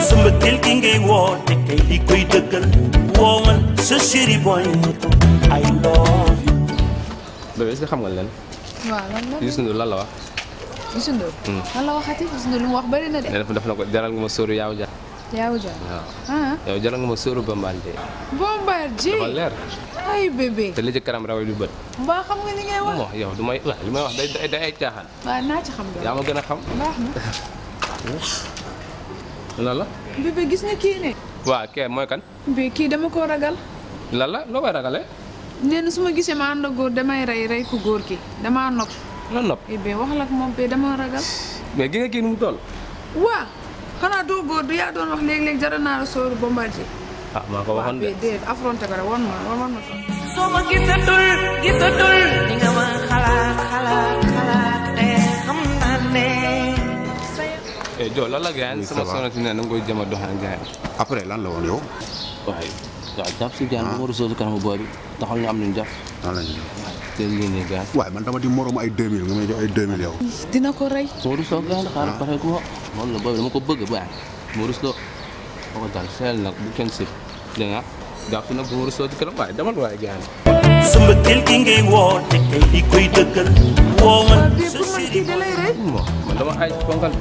sa mbëggeel gi kay li koy dëggal woomal sa chéri boy ne I love you. bébé est xam nga leen. waaw lan la Youssou Ndour la wax. Youssou lan la waxati lu wax na de. jaral nga ma jaral nga ma leer. ay bébé te li ci kanam du bët. mbaa xam nga li ngay wax. wax yow du wax li wax day day ay caaxaan. waaw ci xam ma xam. baax na. lan la. bébé gis nga kii ne. waaw kii mooy kan. bi kii dama koo ragal. lan la loo koy ragalee. nee na su ma gisee ma ànd ak góor damay rey rey ku góor ki damaa nopp. lan nopp eh bébé wax la ak moom bee dama ragal. mais gi nga kii nu mu toll. waaw xanaa doo góor du yaa doon wax léeg-léeg jara naa la sóoru bombardier. ah ko waxoon de waaw déedéet affronté ko ma wan ma. soo ma gisatul gisatul. jo lan la gaañ sama soxna si ne na a doxaan gaañ après lan la woon yow waaye waaw jàpp si gaañ bi ma rasoo si kanamu booy bi taxal ñu am luñ jàpp lan la ñu te lii nii gaañ waaye man dama di morom ay 2000 nga may jox ay 2000 yow dina ko rey moo rusoo gaañ xaaral pare ku ma moom la dama ko bëgg waaye moo rusoo ma ko dal seel nag bu kenn si dégg nga jàpp nag bu ma rusoo si kanam waaye demal waaye gaañ sumba tel gi ngay woo te kay li koy dëggal woo man sa sëriñ man dama ay fonkal